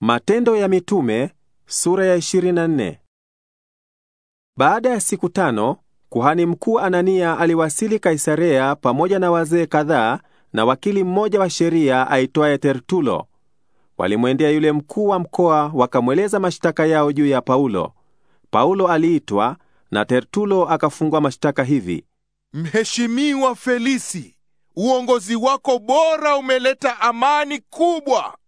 Matendo ya Mitume sura ya 24. Baada ya siku tano, kuhani mkuu Anania aliwasili Kaisarea pamoja na wazee kadhaa na wakili mmoja wa sheria aitwaye Tertulo. Walimwendea yule mkuu wa mkoa wakamweleza mashtaka yao juu ya Paulo. Paulo aliitwa na Tertulo akafungwa mashtaka hivi: Mheshimiwa Felisi, uongozi wako bora umeleta amani kubwa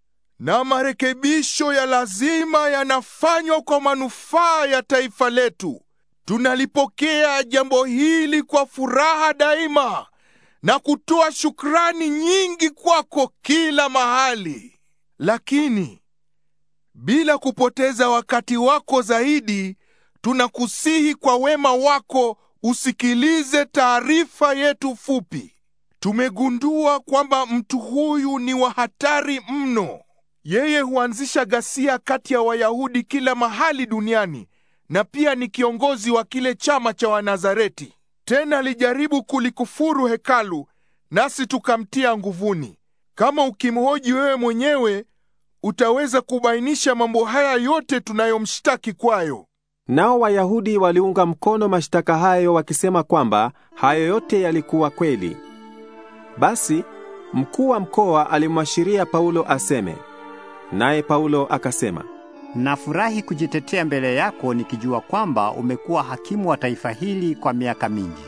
na marekebisho ya lazima yanafanywa kwa manufaa ya taifa letu. Tunalipokea jambo hili kwa furaha daima na kutoa shukrani nyingi kwako kila mahali. Lakini bila kupoteza wakati wako zaidi, tunakusihi kwa wema wako usikilize taarifa yetu fupi. Tumegundua kwamba mtu huyu ni wa hatari mno yeye huanzisha ghasia kati ya Wayahudi kila mahali duniani na pia ni kiongozi wa kile chama cha Wanazareti. Tena alijaribu kulikufuru hekalu, nasi tukamtia nguvuni. Kama ukimhoji wewe mwenyewe, utaweza kubainisha mambo haya yote tunayomshtaki kwayo. Nao Wayahudi waliunga mkono mashtaka hayo wakisema kwamba hayo yote yalikuwa kweli. Basi mkuu wa mkoa alimwashiria Paulo aseme Naye Paulo akasema, nafurahi kujitetea mbele yako nikijua kwamba umekuwa hakimu wa taifa hili kwa miaka mingi.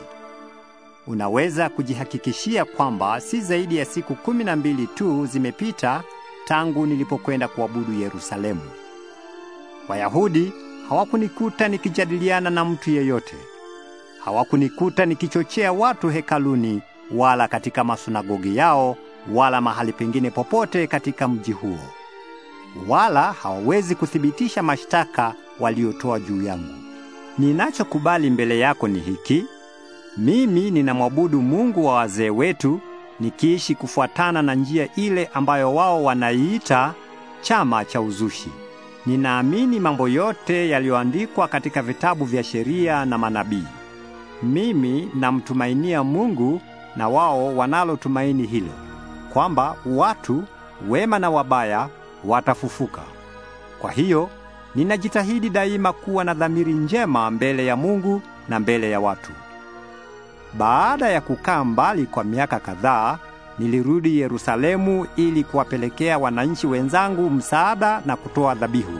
Unaweza kujihakikishia kwamba si zaidi ya siku kumi na mbili tu zimepita tangu nilipokwenda kuabudu Yerusalemu. Wayahudi hawakunikuta nikijadiliana na mtu yeyote. Hawakunikuta nikichochea watu hekaluni wala katika masunagogi yao wala mahali pengine popote katika mji huo wala hawawezi kuthibitisha mashtaka waliotoa juu yangu. Ninachokubali mbele yako ni hiki: mimi ninamwabudu Mungu wa wazee wetu, nikiishi kufuatana na njia ile ambayo wao wanaiita chama cha uzushi. Ninaamini mambo yote yaliyoandikwa katika vitabu vya sheria na manabii. Mimi namtumainia Mungu na wao wanalo tumaini hilo, kwamba watu wema na wabaya watafufuka. Kwa hiyo ninajitahidi daima kuwa na dhamiri njema mbele ya Mungu na mbele ya watu. Baada ya kukaa mbali kwa miaka kadhaa, nilirudi Yerusalemu ili kuwapelekea wananchi wenzangu msaada na kutoa dhabihu.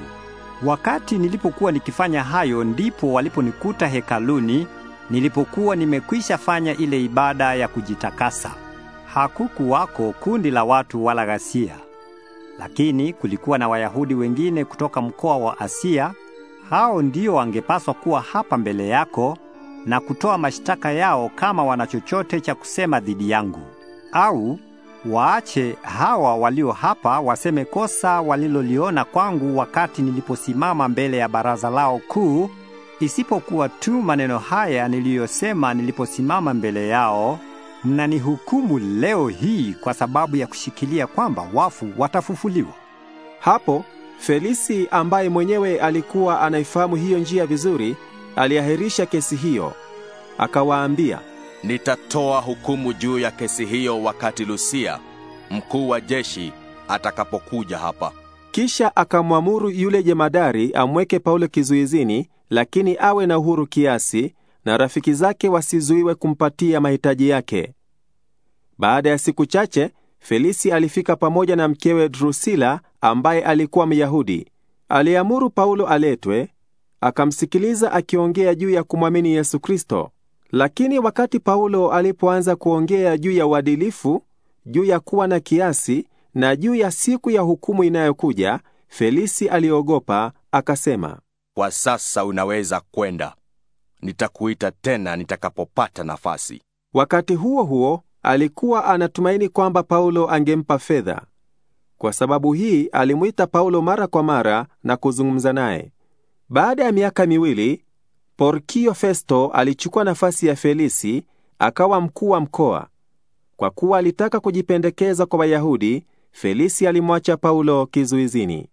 Wakati nilipokuwa nikifanya hayo, ndipo waliponikuta hekaluni nilipokuwa nimekwisha fanya ile ibada ya kujitakasa. Hakukuwako kundi la watu wala ghasia. Lakini kulikuwa na Wayahudi wengine kutoka mkoa wa Asia, hao ndio wangepaswa kuwa hapa mbele yako na kutoa mashtaka yao kama wana chochote cha kusema dhidi yangu. Au waache hawa walio hapa waseme kosa waliloliona kwangu wakati niliposimama mbele ya baraza lao kuu, isipokuwa tu maneno haya niliyosema niliposimama mbele yao mnanihukumu leo hii kwa sababu ya kushikilia kwamba wafu watafufuliwa. Hapo Felisi ambaye mwenyewe alikuwa anaifahamu hiyo njia vizuri, aliahirisha kesi hiyo. Akawaambia, nitatoa hukumu juu ya kesi hiyo wakati Lusia mkuu wa jeshi atakapokuja hapa. Kisha akamwamuru yule jemadari amweke Paulo kizuizini, lakini awe na uhuru kiasi na rafiki zake wasizuiwe kumpatia mahitaji yake. Baada ya siku chache, Felisi alifika pamoja na mkewe Drusila ambaye alikuwa Myahudi. Aliamuru Paulo aletwe, akamsikiliza akiongea juu ya kumwamini Yesu Kristo. Lakini wakati Paulo alipoanza kuongea juu ya uadilifu, juu ya kuwa na kiasi na juu ya siku ya hukumu inayokuja, Felisi aliogopa, akasema, "Kwa sasa unaweza kwenda." nitakuita tena nitakapopata nafasi. Wakati huo huo, alikuwa anatumaini kwamba Paulo angempa fedha. Kwa sababu hii alimwita Paulo mara kwa mara na kuzungumza naye. Baada ya miaka miwili, Porkio Festo alichukua nafasi ya Felisi akawa mkuu wa mkoa. Kwa kuwa alitaka kujipendekeza kwa Wayahudi, Felisi alimwacha Paulo kizuizini.